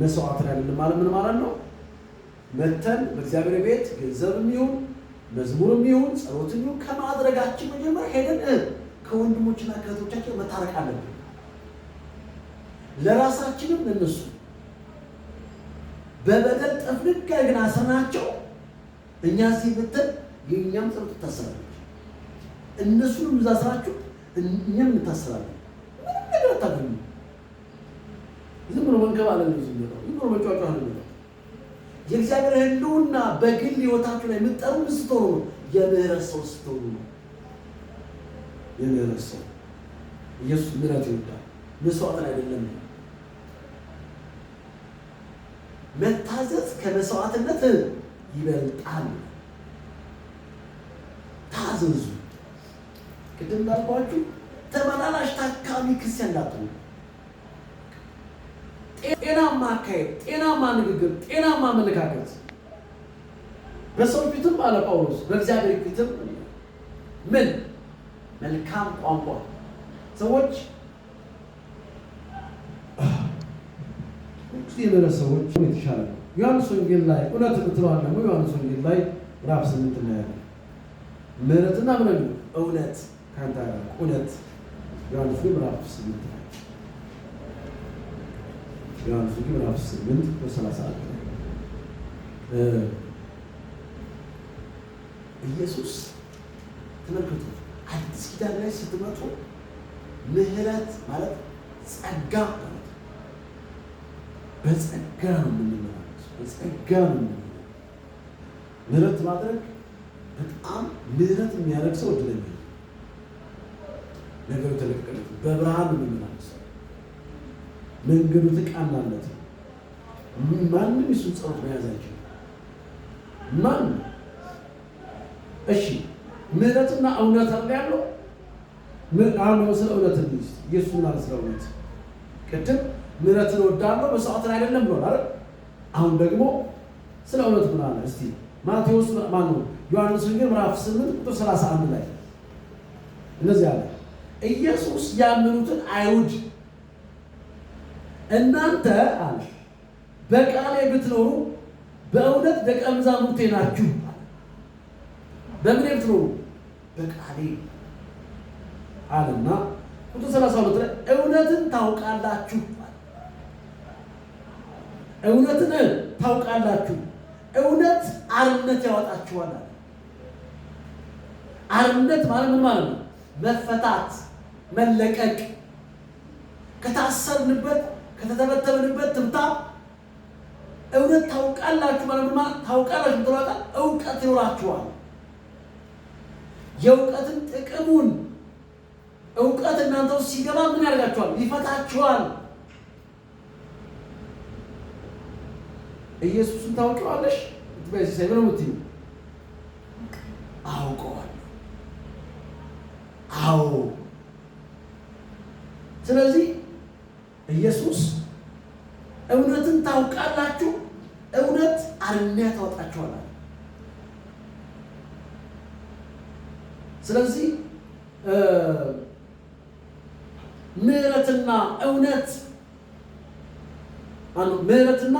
መስዋዕት ላይ ማለት ምን ማለት ነው? መተን በእግዚአብሔር ቤት ገንዘብም ይሁን መዝሙርም ይሁን ጸሎትም ይሁን ከማድረጋችን መጀመር ሄደን ከወንድሞችና ከእህቶቻችን መታረቅ አለብን። ለራሳችንም ለነሱ በበደል ጠፍንጋ ግን አሰናቸው እኛ እዚህ ብትል የእኛም ጸሎት ትታሰራለች፣ እነሱንም እዛ ስራችሁ እኛም እንታሰራለን። ምንም ነገር አታገኙ መንከብ አለ ነው የሚለው ይኖር መጫጫ አለ ነው የእግዚአብሔር ህልውና በግል ህይወታችሁ ላይ የምትጠሩ ስትሆኑ ነው። የምህረት ሰው ስትሆኑ ነው። የምህረት ሰው ኢየሱስ ምህረት ይወዳል። መስዋዕትን አይደለም። መታዘዝ ከመስዋዕትነት ይበልጣል። ታዘዙ። ቅድም እንዳልኳችሁ ተመላላሽ ታካሚ ክርስቲያን እንዳትሆኑ ጤናማ አካሄድ፣ ጤናማ ንግግር፣ ጤናማ አመለካከት በሰው ፊትም አለ ጳውሎስ በእግዚአብሔር ፊትም ምን መልካም ቋንቋ ሰዎች ሁልጊዜ የበለ ሰዎች የተሻለ ነው። ዮሐንስ ወንጌል ላይ እውነት የምትለዋል ደግሞ ዮሐንስ ወንጌል ላይ ምዕራፍ ስምንት እናያለን። ምሕረትና ምንም እውነት ከአንተ እውነት ዮሐንስ ምዕራፍ ስምንት ላይ ዮሐንስ ወንጌል ምዕራፍ 8 በ31 ላይ ኢየሱስ ተመልከቱ፣ አዲስ ኪዳን ላይ ስትመጡ ምህረት ማለት ጸጋ ማለት በጸጋ ነው የምንመላለስ፣ በጸጋ ነው የምንመላለስ። ምህረት ማድረግ በጣም ምህረት የሚያደርግ ሰው እድለኛ ነገሩ ተለቀቀለት። በብርሃን ነው ሰው መንገዱ ተቃናለት። ማንም የሱን ጸሎት መያዝ አይችልም። ማን እሺ፣ ምህረትና እውነት አለ ያለው አሁን ስለ እውነት ንስ ኢየሱስ ማለት ስለ እውነት ቅድም ምሕረትን ወዳለው መስዋዕትን አይደለም ብሏል አይደል? አሁን ደግሞ ስለ እውነት ምን አለ እስቲ ማቴዎስ ማን ነው ዮሐንስ ወንጌል ምዕራፍ 8 ቁጥር 31 ላይ እንደዚህ አለ ኢየሱስ ያመኑትን አይሁድ እናንተ አለ በቃሌ ብትኖሩ በእውነት ደቀ መዛሙርቴ ናችሁ። በምን ብትኖሩ በቃሌ አለና ቁጥር 32 ላይ እውነትን ታውቃላችሁ እውነትን ታውቃላችሁ፣ እውነት አርነት ያወጣችኋል። አርነት ማለት ምን ማለት ነው? መፈታት፣ መለቀቅ ከታሰርንበት ከተተበተብንበት ትምታ እውነት ታውቃላችሁ ማለት ማ ታውቃላችሁ ትሏቃል እውቀት ይኖራችኋል። የእውቀትን ጥቅሙን እውቀት እናንተ ውስጥ ሲገባ ምን ያደርጋችኋል? ይፈታችኋል። ኢየሱስን ታውቂዋለሽ በዚህ ምን ምት አውቀዋል። አዎ። ስለዚህ ኢየሱስ እውነትን ታውቃላችሁ፣ እውነት አርነት ታወጣችኋላል። ስለዚህ ምሕረትና እውነት ምሕረትና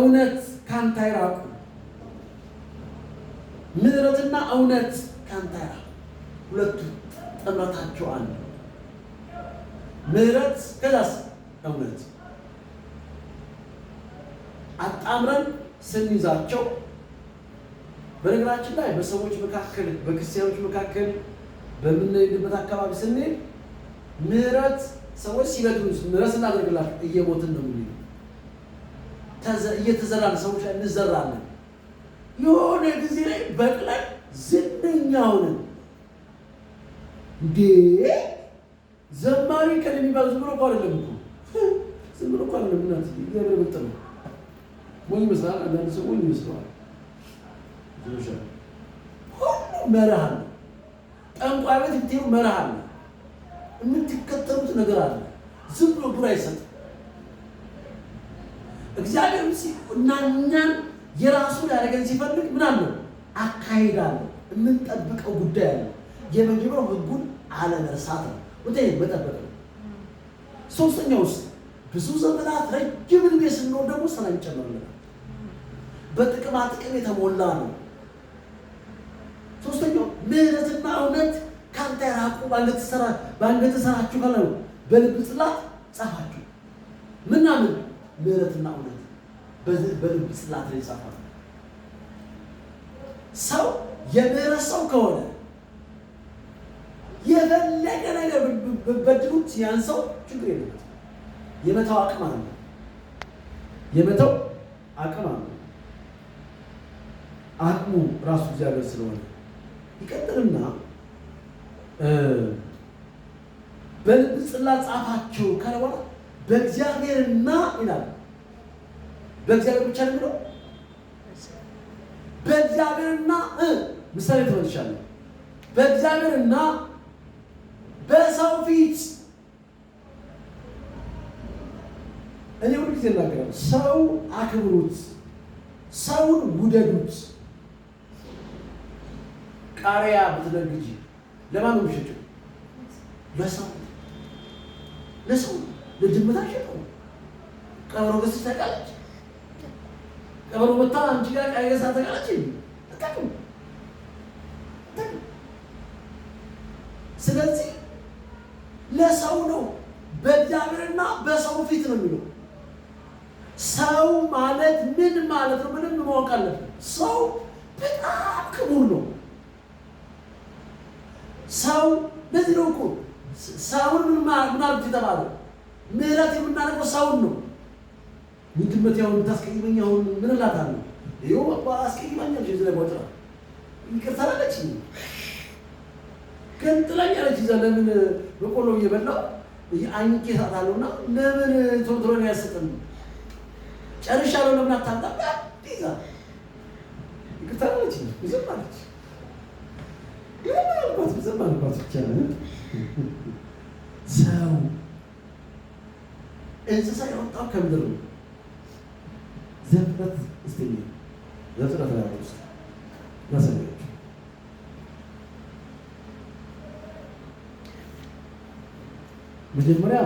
እውነት ካንተ አይራቁ። ምሕረትና እውነት ካንተ አይራቁ። ሁለቱ ጥምረታቸው አለ። ምህረት፣ ከዛስ እውነት አጣምረን ስንይዛቸው በነገራችን ላይ በሰዎች መካከል በክርስቲያኖች መካከል በምንሄድበት አካባቢ ስንሄድ ምህረት ሰዎች ሲበድሉ ምህረት ስናደርግላቸው እየሞትን ነው የምንሄድ። እየተዘራን ሰዎች ላይ እንዘራለን። የሆነ ጊዜ ላይ በቅለን ዝነኛ ሆነን እንዴ ዘማሪ ቀን የሚባል ዝም ብሎ እኮ አይደለም እኮ ዝም ብሎ እኮ አይደለም። እናት እግዚአብሔር ምርጥ ነው። ሞኝ ይመስላል፣ አንዳንድ ሰው ሞኝ ይመስለዋል። ሁሉ መርህ አለ። ጠንቋይ ቤት ብትሄዱ መርህ አለ። የምትከተሉት ነገር አለ። ዝም ብሎ ብር አይሰጥም። እግዚአብሔር እና እኛን የራሱ ሊያደርገን ሲፈልግ ምን አለ? አካሄድ አለ። የምንጠብቀው ጉዳይ አለ። የመጀመሪያው ህጉን አለመርሳት ነው። ወደ መጠበቅ ነው። ሶስተኛውስ ብዙ ዘመናት ረጅም እድሜ ስንኖር ደግሞ ሰላም ይጨመርልናል። በጥቅማ ጥቅም የተሞላ ነው። ሶስተኛው ምህረትና እውነት ከአንተ የራቁ ባንገት ሰራችሁ ካለ ነው። በልብ ጽላት ጻፋችሁ ምናምን ምህረትና እውነት በልብ ጽላት ላይ ጻፋችሁ። ሰው የምህረት ሰው ከሆነ የፈለገ ነገር በድሉት ያንሰው ችግር የለም። የመተው አቅም አለ። የመተው አቅም አለ። አቅሙ ራሱ እግዚአብሔር ስለሆነ ይቀጥልና በልብ ጽላት ጻፋችሁ ካለ በኋላ በእግዚአብሔርና ይላል። በእግዚአብሔር ብቻ ነው በእግዚአብሔርና ምሳሌ ትመልሻለ በእግዚአብሔርና በሰው ፊት እኔ ሁሉ ጊዜ እናገራለሁ። ሰው አክብሩት፣ ሰውን ውደዱት። ቃሪያ ብትነግጂ ለማን ነው የሚሸጠው? ለሰው ለሰው ለድመታ ሸጠው። ቀበሮ ገስ ተቃለች። ቀበሮ መታ አንቺ ጋር ቃይ ገሳ ስለዚህ ለሰው ነው። በእግዚአብሔርና በሰው ፊት ነው የሚለው። ሰው ማለት ምን ማለት ነው? ምንም ማወቅ አለብን። ሰው በጣም ክቡር ነው። ሰው በዚህ ነው እኮ ሰውን ምናርግ የተባለ ምህረት የምናደርገው ሰውን ነው። ውድመት ያሁን ታስቀይመኝ አሁን ምን እላታለሁ? ይኸው አስቀይማኛል ዝ ላይ ይቅርታ ገንጥላኝ አለች። ይዛ ለምን በቆሎ እየበላው አንቄ እሳታለሁ እና ለምን ቶሎ ቶሎ ነው ያስቅም ጨርሻለሁ ለምን አታምጣም ይዛ ይቅርታ አለች። ዝም አለች። ሰው እንስሳ የወጣው ከምድር ነው። ዘፍጥረት ስ ዘፍጥረት ላይ ውስጥ መጀመሪያ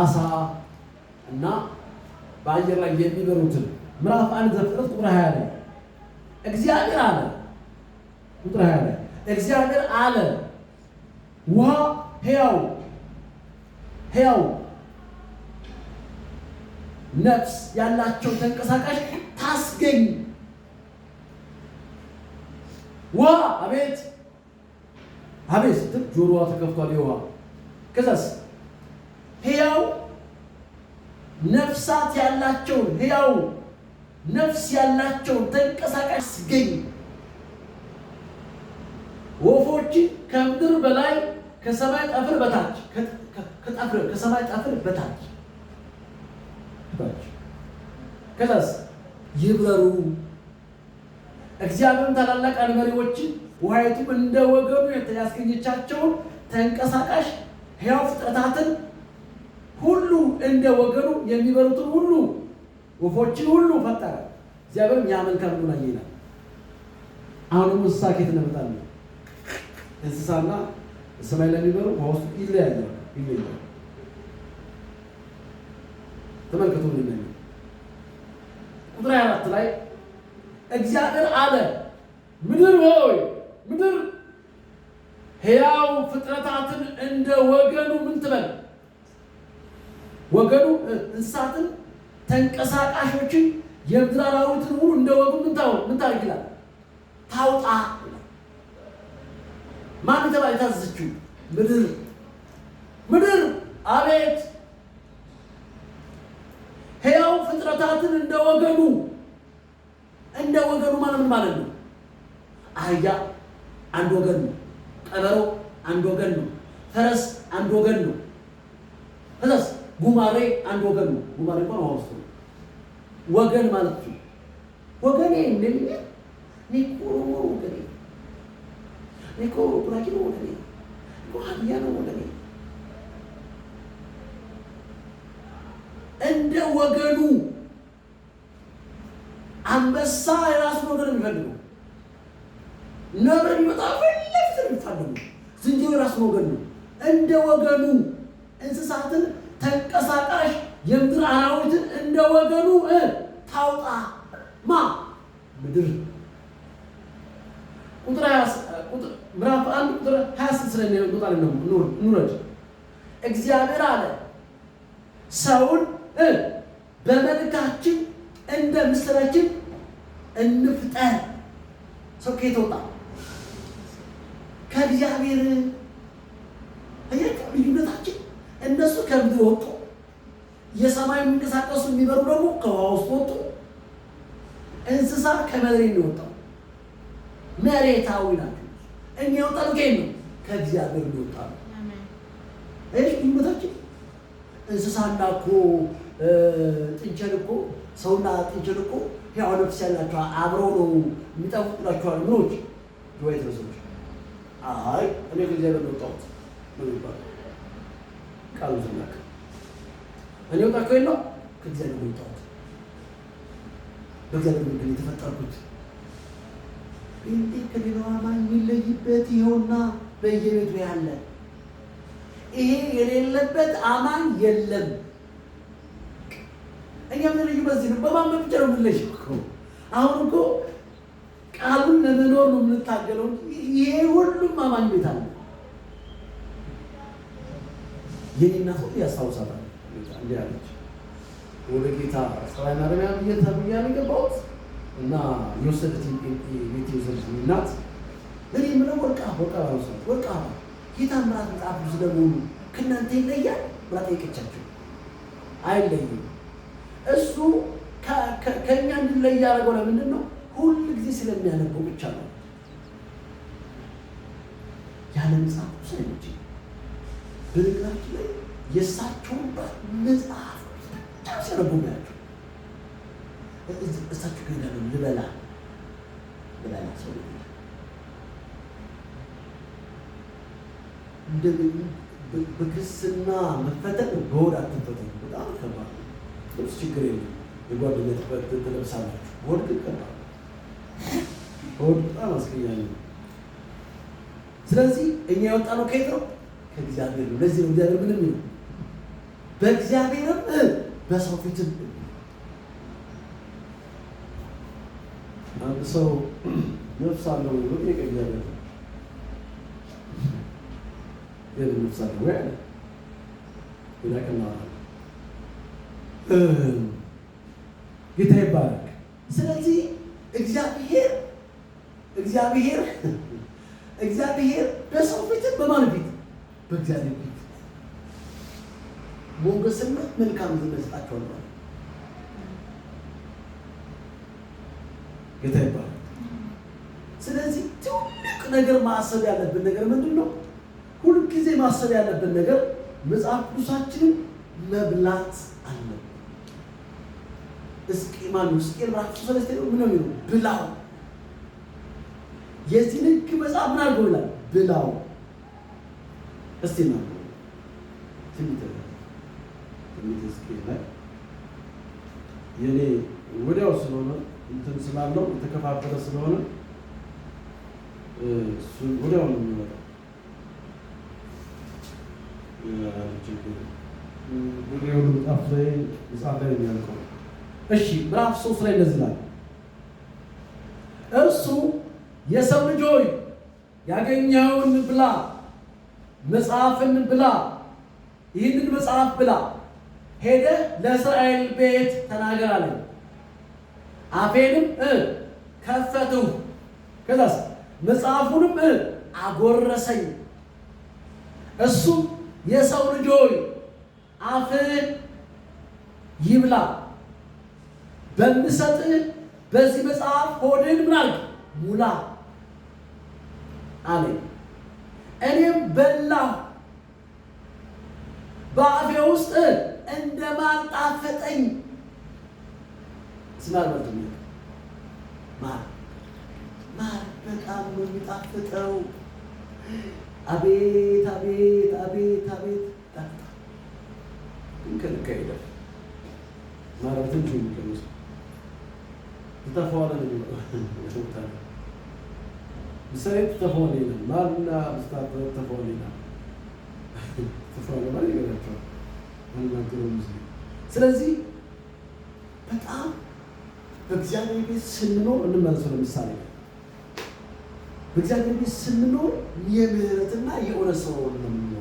አሳ እና በአየር ላይ የሚበሩትን ምዕራፍ አንድ ዘፍጥረት ቁጥር ሀያ ላይ እግዚአብሔር አለ። ቁጥር ሀያ ላይ እግዚአብሔር አለ ውሃ ሕያው ሕያው ነፍስ ያላቸው ተንቀሳቃሽ ታስገኝ ውሃ አቤት አቤት ስትል ጆሮዋ ተከፍቷል። የውሃ ከዛስ ሕያው ነፍሳት ያላቸው ሕያው ነፍስ ያላቸውን ተንቀሳቃሽ ሲገኝ ወፎችን ከምድር በላይ ከሰማይ ጠፍር በታች ከሰማይ ጠፍር በታች ከዛስ ይብረሩ እግዚአብሔርን ታላላቅ አንበሪዎችን ውሃይቱም እንደ ወገኑ ያስገኘቻቸውን ተንቀሳቃሽ ሕያው ፍጥረታትን ሁሉ እንደ ወገኑ የሚበሩትን ሁሉ ወፎችን ሁሉ ፈጠረ። እግዚአብሔርም ያ መልካም ነው አየ ይላል። አሁንም እንስሳ ኬት ነበታል? እንስሳና ሰማይ ለሚበሩ በውስጡ ይለያለ ይለያል። ተመልከቱ ምን ቁጥር አራት ላይ እግዚአብሔር አለ ምድር ሆይ ምድር ሕያው ፍጥረታትን እንደ ወገኑ ምን ትበል ወገኑ እንስሳትን ተንቀሳቃሾችን የምድር አራዊትን ሁሉ እንደ ወጉ ምን ታደርግ ይላል ታውጣ። ማን ተባ የታዘዘችው ምድር ምድር አቤት ሕያው ፍጥረታትን እንደ ወገኑ እንደ ወገኑ ማለት ማለት ነው አህያ አንድ ወገን ነው። ቀበሮ አንድ ወገን ነው። ፈረስ አንድ ወገን ነው። ፈረስ ጉማሬ አንድ ወገን ነው። ጉማሬ እንኳን ውሃ ውስጥ ነው። ወገን ማለት ነው። ወገኔ እንደኔ ኒኮ ወገኔ ኒኮ ጉራኪ ነው ወገኔ ኒኮ ሀዲያ ነው ወገኔ እንደ ወገኑ አንበሳ የራሱን ወገን የሚፈልገው ነብር ይወጣ ፈለፍት የምታደሙ ዝንጀሮ ራስ ወገን ነው። እንደ ወገኑ እንስሳትን ተንቀሳቃሽ የምድር አራዊትን እንደ ወገኑ ታውጣ ማ ምድር ቁጥር ምዕራፍ አንድ ቁጥር ሀያ ስድስት ላይ የሚለው ቁጣ ኑረድ እግዚአብሔር አለ ሰውን በመልካችን እንደ ምስላችን እንፍጠር። ሰው ከየት ወጣ? ከእግዚአብሔር አያችሁ ልዩነታችን። እነሱ ወጡ፣ የሰማይ የሚንቀሳቀሱ የሚበሩ ደግሞ ከውሃ ውስጥ ወጡ። እንስሳ ከመሬት ነው የወጣው። መሬታዊ ናቸው። እኛ የወጣን ከየት ነው? ከእግዚአብሔር ነው ይህ ልዩነታችን። እንስሳና እኮ ጥንቸል እኮ ሰውና ጥንቸል እኮ ያው ነፍስ ያላቸው አብረው ነው ምኖች አይ እኔ ከእግዚአብሔር ነው ምን ነው ቃሉ እኔ ወጣሁ የለው ከእግዚአብሔር ነው በእግዚአብሔር ነው የተፈጠርኩት። ከሌላው አማኝ የሚለይበት ይኸውና በየቤቱ ያለ ይሄ የሌለበት አማኝ የለም። እኛ የምንለይበት በማመን ብቻ ነው የምንለይ። አሁን እኮ ቃሉን ለመኖር ነው የምንታገለው። ይሄ ሁሉም አማኝ ቤት አለ። የኔ እናት ሁሉ ያስታውሳታል። እንዲህ ወደ ጌታ ሰራይ ማረሚያ ብዬ ተብያ እና የወሰደች ቤት የወሰደች እናት እኔ የምለው ወርቃ ወርቃ ባለሰት ወርቃ ጌታ ምራት መጽሐፍ ብዙ ለመሆኑ ከእናንተ ይለያል ብላ ጠየቀቻቸው። አይለይም። እሱ ከእኛ እንድንለይ ያደረገው ለምንድን ነው? ሁሉ ጊዜ ስለሚያነበው ብቻ ነው። ያለ መጽሐፍ ቅዱስ አይመችም። በነገራችን ላይ የእሳቸውን ባት መጽሐፍ ብቻ ሲያነቡ ያቸው እሳቸው ግን ያለ ልበላ ልበላ ሰው እንደምን በክርስትና መፈተን በወድ አትፈተን። በጣም ከባድ ልብስ ችግር የለም የጓደኛ ትፈት ትለብሳላችሁ ወድ ግን ከባድ በወዱ በጣም አስቀያሚ ነው። ስለዚህ እኛ የወጣ ነው ከየት ነው? ከእግዚአብሔር ነው። ለዚህ ነው እግዚአብሔር ምንም ነው በእግዚአብሔርም በሰው ፊትም አንድ ሰው ነፍስ አለው ብሎ ጠየቀ። እግዚአብሔር ግን ነፍስ አለው ወይ ይላከና ጌታ ይባረክ። ስለዚህ እግዚአብሔር እግዚአብሔር እግዚአብሔር በሰው ፊትም በማን ፊት በእግዚአብሔር ፊት ሞገስና መልካም ዝመስጣቸው ነው። ጌታ ይባላል። ስለዚህ ትልቅ ነገር ማሰብ ያለብን ነገር ምንድን ነው? ሁልጊዜ ማሰብ ያለብን ነገር መጽሐፍ ቅዱሳችንን መብላት አለብን። እስቂ ማነው? እስቄል ምዕራፍ ሶስት ምን ነው ብላው የዚህን ሕግ መጽሐፍ ምን አድርገው ይላል ብላው። እስቲ ነው ትንቢተ ትንቢተ ሕዝቅኤል ላይ የኔ ወዲያው ስለሆነ እንትን ስላለው የተከፋፈለ ስለሆነ ወዲያው ነው የሚወጣው። እሺ ምዕራፍ ሶስት ላይ እንደዚህ እርሱ የሰው ልጅ ሆይ ያገኘኸውን ብላ፣ መጽሐፍን ብላ፣ ይህንን መጽሐፍ ብላ ሄደ ለእስራኤል ቤት ተናገር አለኝ። አፌንም ከፈትሁ፣ ከዛስ መጽሐፉንም አጎረሰኝ። እሱም የሰው ልጅ ሆይ አፍህ ይብላ በምሰጥህ በዚህ መጽሐፍ ሆድህን ምናልክ ሙላ አለኝ። እኔም በላሁ በአፌ ውስጥ እንደ ማር ጣፈጠኝ። ስማር ማለት ማር ማር በጣም ነው የሚጣፍጠው። አቤት አቤት አቤት አቤት ጣፍጣ እንከልካ ይላል ማረትን ጅም ከመስ ተፋዋለ ነው ብሰሬት ተፈሆነ ይላል ማርና ብስታት ተፈሆነ ይላል ተፈሆነ ማለት ይገናቸዋል አንናገረው ሙስሊም። ስለዚህ በጣም በእግዚአብሔር ቤት ስንኖር እንመለሱ ለምሳሌ በእግዚአብሔር ቤት ስንኖር የምህረትና የእውነት ሰው ነው